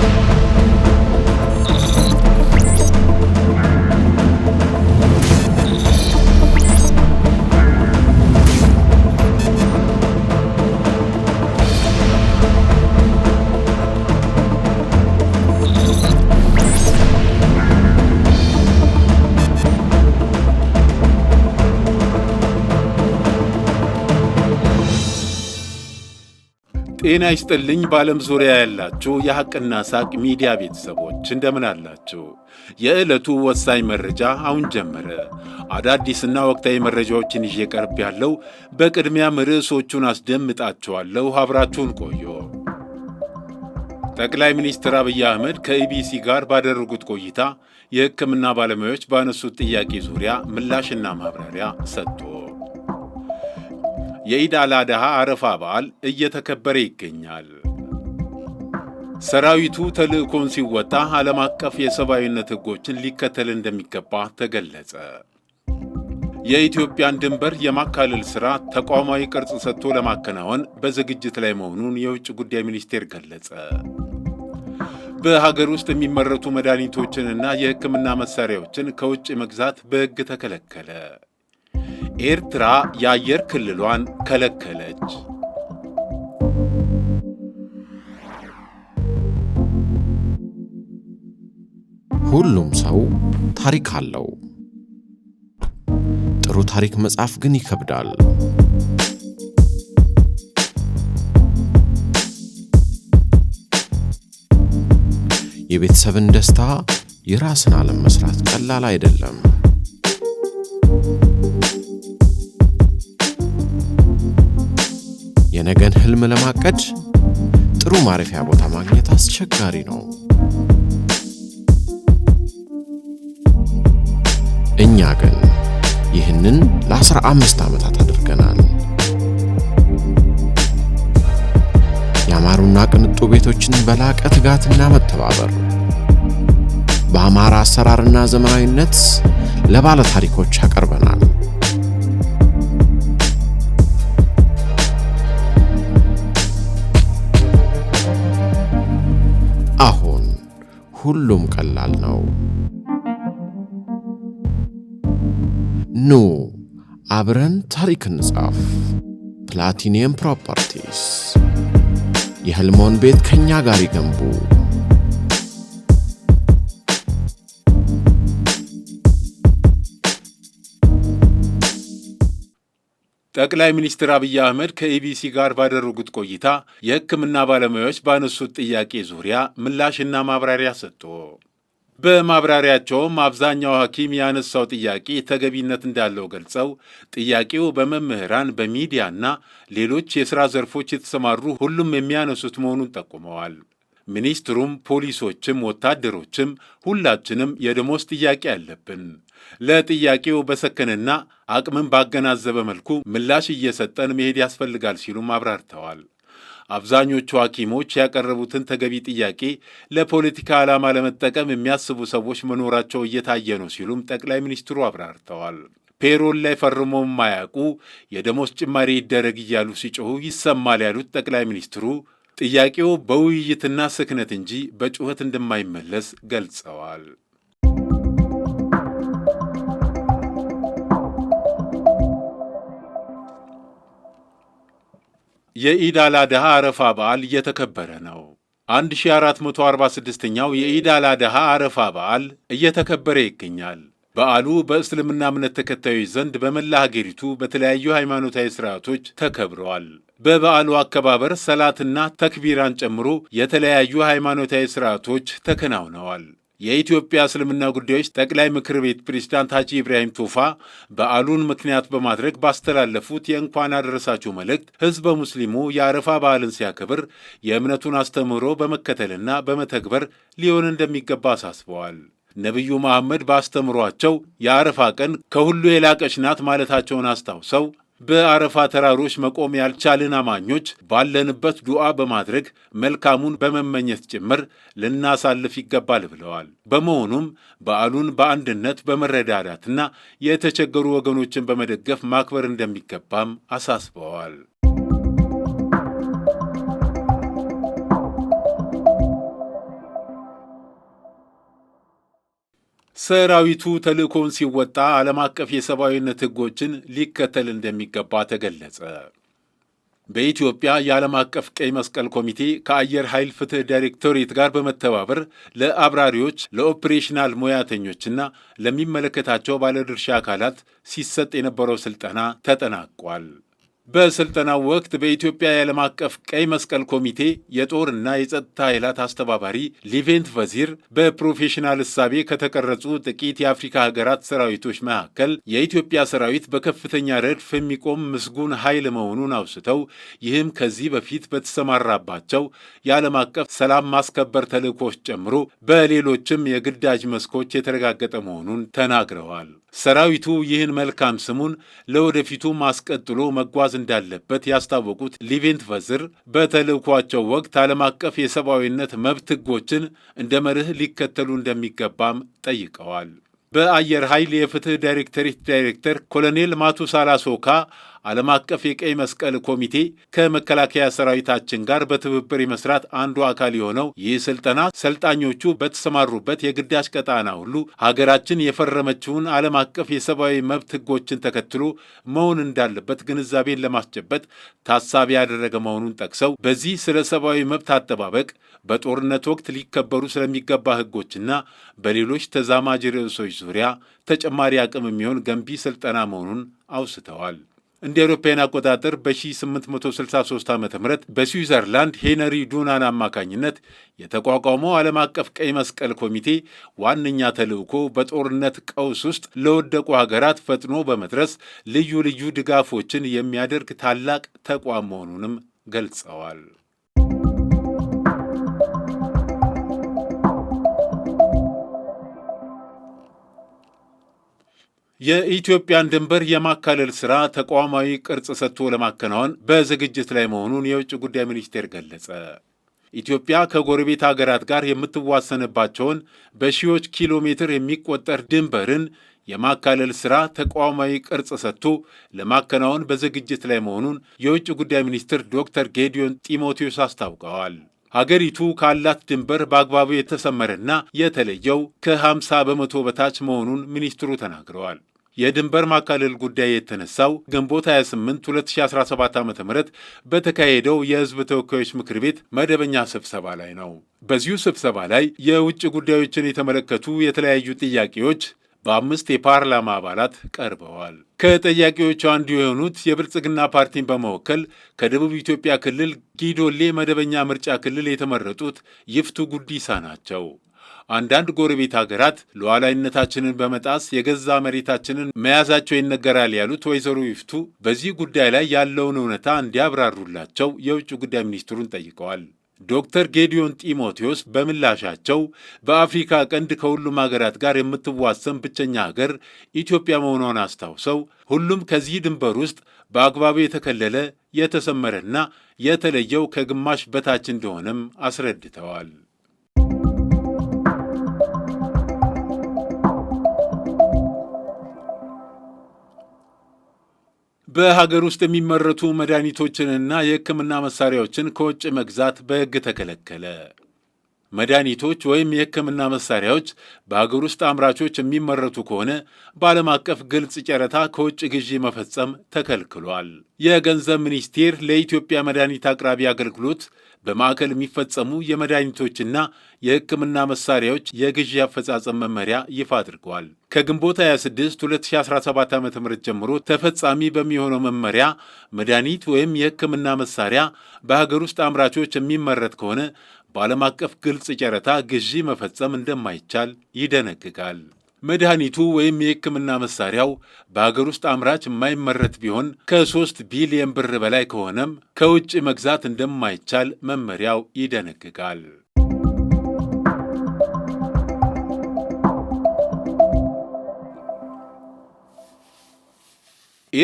Thank you. ጤና ይስጥልኝ በዓለም ዙሪያ ያላችሁ የሐቅና ሳቅ ሚዲያ ቤተሰቦች እንደምን አላችሁ? የዕለቱ ወሳኝ መረጃ አሁን ጀመረ። አዳዲስና ወቅታዊ መረጃዎችን ይዤ ቀርብ ያለው በቅድሚያም ርዕሶቹን አስደምጣችኋለሁ። አብራችሁን ቆዩ። ጠቅላይ ሚኒስትር አብይ አህመድ ከኢቢሲ ጋር ባደረጉት ቆይታ የሕክምና ባለሙያዎች ባነሱት ጥያቄ ዙሪያ ምላሽና ማብራሪያ ሰጥቶ የኢድ አላድሃ አረፋ በዓል እየተከበረ ይገኛል። ሰራዊቱ ተልዕኮን ሲወጣ ዓለም አቀፍ የሰብአዊነት ሕጎችን ሊከተል እንደሚገባ ተገለጸ። የኢትዮጵያን ድንበር የማካለል ሥራ ተቋማዊ ቅርጽ ሰጥቶ ለማከናወን በዝግጅት ላይ መሆኑን የውጭ ጉዳይ ሚኒስቴር ገለጸ። በሀገር ውስጥ የሚመረቱ መድኃኒቶችንና የሕክምና መሣሪያዎችን ከውጭ መግዛት በሕግ ተከለከለ። ኤርትራ የአየር ክልሏን ከለከለች። ሁሉም ሰው ታሪክ አለው። ጥሩ ታሪክ መጻፍ ግን ይከብዳል። የቤተሰብን ደስታ የራስን ዓለም መስራት ቀላል አይደለም። የነገን ህልም ለማቀድ ጥሩ ማረፊያ ቦታ ማግኘት አስቸጋሪ ነው። እኛ ግን ይህንን ለአስራ አምስት ዓመታት አድርገናል። ያማሩና ቅንጡ ቤቶችን በላቀ ትጋትና መተባበር በአማራ አሰራርና ዘመናዊነት ለባለ ታሪኮች አቀርበናል። ሁሉም ቀላል ነው። ኑ አብረን ታሪክ እንጻፍ። ፕላቲኒየም ፕሮፐርቲስ የህልሞን ቤት ከእኛ ጋር ይገንቡ። ጠቅላይ ሚኒስትር አብይ አህመድ ከኢቢሲ ጋር ባደረጉት ቆይታ የሕክምና ባለሙያዎች ባነሱት ጥያቄ ዙሪያ ምላሽና ማብራሪያ ሰጥቶ በማብራሪያቸውም አብዛኛው ሐኪም ያነሳው ጥያቄ ተገቢነት እንዳለው ገልጸው ጥያቄው በመምህራን በሚዲያና ሌሎች የሥራ ዘርፎች የተሰማሩ ሁሉም የሚያነሱት መሆኑን ጠቁመዋል። ሚኒስትሩም ፖሊሶችም ወታደሮችም ሁላችንም የደሞዝ ጥያቄ አለብን ለጥያቄው በሰከነና አቅምን ባገናዘበ መልኩ ምላሽ እየሰጠን መሄድ ያስፈልጋል ሲሉም አብራርተዋል። አብዛኞቹ ሐኪሞች ያቀረቡትን ተገቢ ጥያቄ ለፖለቲካ ዓላማ ለመጠቀም የሚያስቡ ሰዎች መኖራቸው እየታየ ነው ሲሉም ጠቅላይ ሚኒስትሩ አብራርተዋል። ፔሮል ላይ ፈርሞ የማያውቁ የደሞዝ ጭማሪ ይደረግ እያሉ ሲጮሁ ይሰማል ያሉት ጠቅላይ ሚኒስትሩ ጥያቄው በውይይትና ስክነት እንጂ በጩኸት እንደማይመለስ ገልጸዋል። የኢድ አላድሃ አረፋ በዓል እየተከበረ ነው። 1446ኛው የኢድ አላድሃ አረፋ በዓል እየተከበረ ይገኛል። በዓሉ በእስልምና እምነት ተከታዮች ዘንድ በመላ ሀገሪቱ በተለያዩ ሃይማኖታዊ ስርዓቶች ተከብረዋል። በበዓሉ አከባበር ሰላትና ተክቢራን ጨምሮ የተለያዩ ሃይማኖታዊ ስርዓቶች ተከናውነዋል። የኢትዮጵያ እስልምና ጉዳዮች ጠቅላይ ምክር ቤት ፕሬዚዳንት ሐጂ ኢብራሂም ቱፋ በዓሉን ምክንያት በማድረግ ባስተላለፉት የእንኳን አደረሳችሁ መልእክት ሕዝበ ሙስሊሙ የአረፋ በዓልን ሲያከብር የእምነቱን አስተምህሮ በመከተልና በመተግበር ሊሆን እንደሚገባ አሳስበዋል። ነቢዩ መሐመድ በአስተምሯቸው የአረፋ ቀን ከሁሉ የላቀች ናት ማለታቸውን አስታውሰው በአረፋ ተራሮች መቆም ያልቻልን አማኞች ባለንበት ዱዓ በማድረግ መልካሙን በመመኘት ጭምር ልናሳልፍ ይገባል ብለዋል። በመሆኑም በዓሉን በአንድነት በመረዳዳትና የተቸገሩ ወገኖችን በመደገፍ ማክበር እንደሚገባም አሳስበዋል። ሰራዊቱ ተልእኮውን ሲወጣ ዓለም አቀፍ የሰብአዊነት ሕጎችን ሊከተል እንደሚገባ ተገለጸ። በኢትዮጵያ የዓለም አቀፍ ቀይ መስቀል ኮሚቴ ከአየር ኃይል ፍትህ ዳይሬክቶሬት ጋር በመተባበር ለአብራሪዎች፣ ለኦፕሬሽናል ሙያተኞችና ለሚመለከታቸው ባለድርሻ አካላት ሲሰጥ የነበረው ስልጠና ተጠናቋል። በስልጠናው ወቅት በኢትዮጵያ የዓለም አቀፍ ቀይ መስቀል ኮሚቴ የጦርና የጸጥታ ኃይላት አስተባባሪ ሊቬንት ቨዚር በፕሮፌሽናል እሳቤ ከተቀረጹ ጥቂት የአፍሪካ ሀገራት ሰራዊቶች መካከል የኢትዮጵያ ሰራዊት በከፍተኛ ረድፍ የሚቆም ምስጉን ኃይል መሆኑን አውስተው ይህም ከዚህ በፊት በተሰማራባቸው የዓለም አቀፍ ሰላም ማስከበር ተልዕኮች ጨምሮ በሌሎችም የግዳጅ መስኮች የተረጋገጠ መሆኑን ተናግረዋል። ሰራዊቱ ይህን መልካም ስሙን ለወደፊቱ ማስቀጥሎ መጓዝ እንዳለበት ያስታወቁት ሊቬንት ቨዝር በተልእኳቸው ወቅት ዓለም አቀፍ የሰብአዊነት መብት ሕጎችን እንደ መርህ ሊከተሉ እንደሚገባም ጠይቀዋል። በአየር ኃይል የፍትህ ዳይሬክተሬት ዳይሬክተር ኮሎኔል ማቱሳላ ሶካ ዓለም አቀፍ የቀይ መስቀል ኮሚቴ ከመከላከያ ሰራዊታችን ጋር በትብብር የመስራት አንዱ አካል የሆነው ይህ ስልጠና ሰልጣኞቹ በተሰማሩበት የግዳጅ ቀጣና ሁሉ ሀገራችን የፈረመችውን ዓለም አቀፍ የሰብአዊ መብት ሕጎችን ተከትሎ መሆን እንዳለበት ግንዛቤን ለማስጨበጥ ታሳቢ ያደረገ መሆኑን ጠቅሰው በዚህ ስለ ሰብአዊ መብት አጠባበቅ በጦርነት ወቅት ሊከበሩ ስለሚገባ ሕጎችና በሌሎች ተዛማጅ ርዕሶች ዙሪያ ተጨማሪ አቅም የሚሆን ገንቢ ስልጠና መሆኑን አውስተዋል። እንደ አውሮፓውያን አቆጣጠር በ1863 ዓ ም በስዊዘርላንድ ሄነሪ ዱናን አማካኝነት የተቋቋመው ዓለም አቀፍ ቀይ መስቀል ኮሚቴ ዋነኛ ተልዕኮ በጦርነት ቀውስ ውስጥ ለወደቁ ሀገራት ፈጥኖ በመድረስ ልዩ ልዩ ድጋፎችን የሚያደርግ ታላቅ ተቋም መሆኑንም ገልጸዋል። የኢትዮጵያን ድንበር የማካለል ስራ ተቋማዊ ቅርጽ ሰጥቶ ለማከናወን በዝግጅት ላይ መሆኑን የውጭ ጉዳይ ሚኒስቴር ገለጸ። ኢትዮጵያ ከጎረቤት አገራት ጋር የምትዋሰንባቸውን በሺዎች ኪሎ ሜትር የሚቆጠር ድንበርን የማካለል ስራ ተቋማዊ ቅርጽ ሰጥቶ ለማከናወን በዝግጅት ላይ መሆኑን የውጭ ጉዳይ ሚኒስትር ዶክተር ጌዲዮን ጢሞቴዎስ አስታውቀዋል። ሀገሪቱ ካላት ድንበር በአግባቡ የተሰመረና የተለየው ከ50 በመቶ በታች መሆኑን ሚኒስትሩ ተናግረዋል። የድንበር ማካለል ጉዳይ የተነሳው ግንቦት 28 2017 ዓ ም በተካሄደው የህዝብ ተወካዮች ምክር ቤት መደበኛ ስብሰባ ላይ ነው። በዚሁ ስብሰባ ላይ የውጭ ጉዳዮችን የተመለከቱ የተለያዩ ጥያቄዎች በአምስት የፓርላማ አባላት ቀርበዋል። ከጠያቂዎቹ አንዱ የሆኑት የብልጽግና ፓርቲን በመወከል ከደቡብ ኢትዮጵያ ክልል ጊዶሌ መደበኛ ምርጫ ክልል የተመረጡት ይፍቱ ጉዲሳ ናቸው። አንዳንድ ጎረቤት ሀገራት ሉዓላዊነታችንን በመጣስ የገዛ መሬታችንን መያዛቸው ይነገራል ያሉት ወይዘሮ ይፍቱ በዚህ ጉዳይ ላይ ያለውን እውነታ እንዲያብራሩላቸው የውጭ ጉዳይ ሚኒስትሩን ጠይቀዋል። ዶክተር ጌዲዮን ጢሞቴዎስ በምላሻቸው በአፍሪካ ቀንድ ከሁሉም ሀገራት ጋር የምትዋሰን ብቸኛ ሀገር ኢትዮጵያ መሆኗን አስታውሰው ሁሉም ከዚህ ድንበር ውስጥ በአግባቡ የተከለለ የተሰመረና የተለየው ከግማሽ በታች እንደሆነም አስረድተዋል። በሀገር ውስጥ የሚመረቱ መድኃኒቶችንና የሕክምና መሳሪያዎችን ከውጭ መግዛት በሕግ ተከለከለ። መድኃኒቶች ወይም የሕክምና መሳሪያዎች በአገር ውስጥ አምራቾች የሚመረቱ ከሆነ በዓለም አቀፍ ግልጽ ጨረታ ከውጭ ግዢ መፈጸም ተከልክሏል። የገንዘብ ሚኒስቴር ለኢትዮጵያ መድኃኒት አቅራቢ አገልግሎት በማዕከል የሚፈጸሙ የመድኃኒቶችና የሕክምና መሳሪያዎች የግዢ አፈጻጸም መመሪያ ይፋ አድርገዋል። ከግንቦት 26 2017 ዓ ም ጀምሮ ተፈጻሚ በሚሆነው መመሪያ መድኃኒት ወይም የሕክምና መሳሪያ በሀገር ውስጥ አምራቾች የሚመረት ከሆነ በዓለም አቀፍ ግልጽ ጨረታ ግዢ መፈጸም እንደማይቻል ይደነግጋል። መድኃኒቱ ወይም የሕክምና መሳሪያው በሀገር ውስጥ አምራች የማይመረት ቢሆን ከሶስት ቢሊየን ብር በላይ ከሆነም ከውጭ መግዛት እንደማይቻል መመሪያው ይደነግጋል።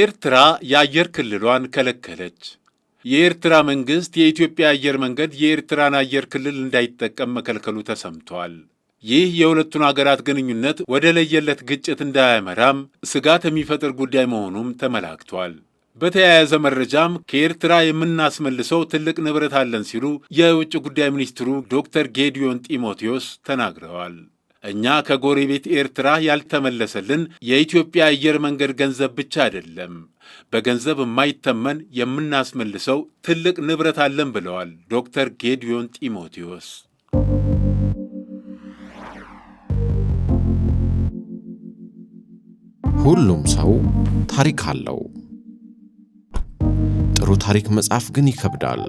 ኤርትራ የአየር ክልሏን ከለከለች። የኤርትራ መንግሥት የኢትዮጵያ አየር መንገድ የኤርትራን አየር ክልል እንዳይጠቀም መከልከሉ ተሰምቷል። ይህ የሁለቱን አገራት ግንኙነት ወደ ለየለት ግጭት እንዳያመራም ስጋት የሚፈጥር ጉዳይ መሆኑም ተመላክቷል። በተያያዘ መረጃም ከኤርትራ የምናስመልሰው ትልቅ ንብረት አለን ሲሉ የውጭ ጉዳይ ሚኒስትሩ ዶክተር ጌዲዮን ጢሞቴዎስ ተናግረዋል። እኛ ከጎረቤት ኤርትራ ያልተመለሰልን የኢትዮጵያ አየር መንገድ ገንዘብ ብቻ አይደለም፣ በገንዘብ የማይተመን የምናስመልሰው ትልቅ ንብረት አለን ብለዋል ዶክተር ጌዲዮን ጢሞቴዎስ። ሁሉም ሰው ታሪክ አለው። ጥሩ ታሪክ መጻፍ ግን ይከብዳል።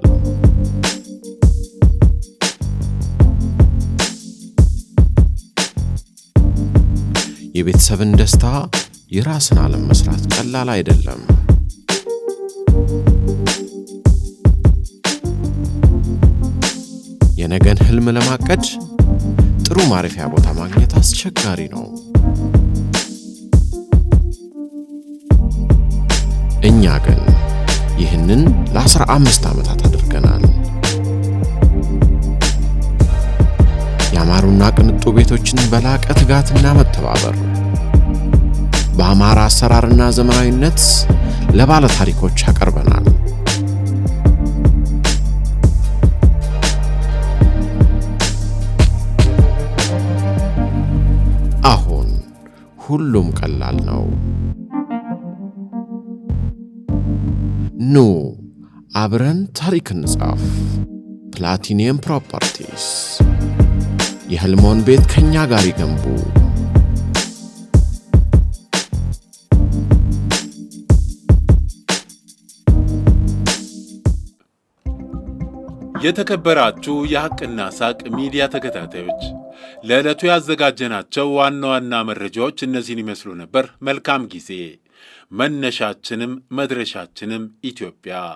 የቤተሰብን ደስታ፣ የራስን ዓለም መስራት ቀላል አይደለም። የነገን ህልም ለማቀድ ጥሩ ማረፊያ ቦታ ማግኘት አስቸጋሪ ነው። እኛ ግን ይህንን ለ15 ዓመታት አድርገናል። ያማሩና ቅንጡ ቤቶችን በላቀ ትጋትና መተባበር በአማራ አሰራርና ዘመናዊነት ለባለ ታሪኮች ያቀርበናል። አሁን ሁሉም ቀላል ነው። ኑ አብረን ታሪክ እንጻፍ። ፕላቲኒየም ፕሮፐርቲስ የህልሞን ቤት ከእኛ ጋር ይገንቡ። የተከበራችሁ የሐቅና ሳቅ ሚዲያ ተከታታዮች ለዕለቱ ያዘጋጀናቸው ዋና ዋና መረጃዎች እነዚህን ይመስሉ ነበር። መልካም ጊዜ። መነሻችንም መድረሻችንም ኢትዮጵያ።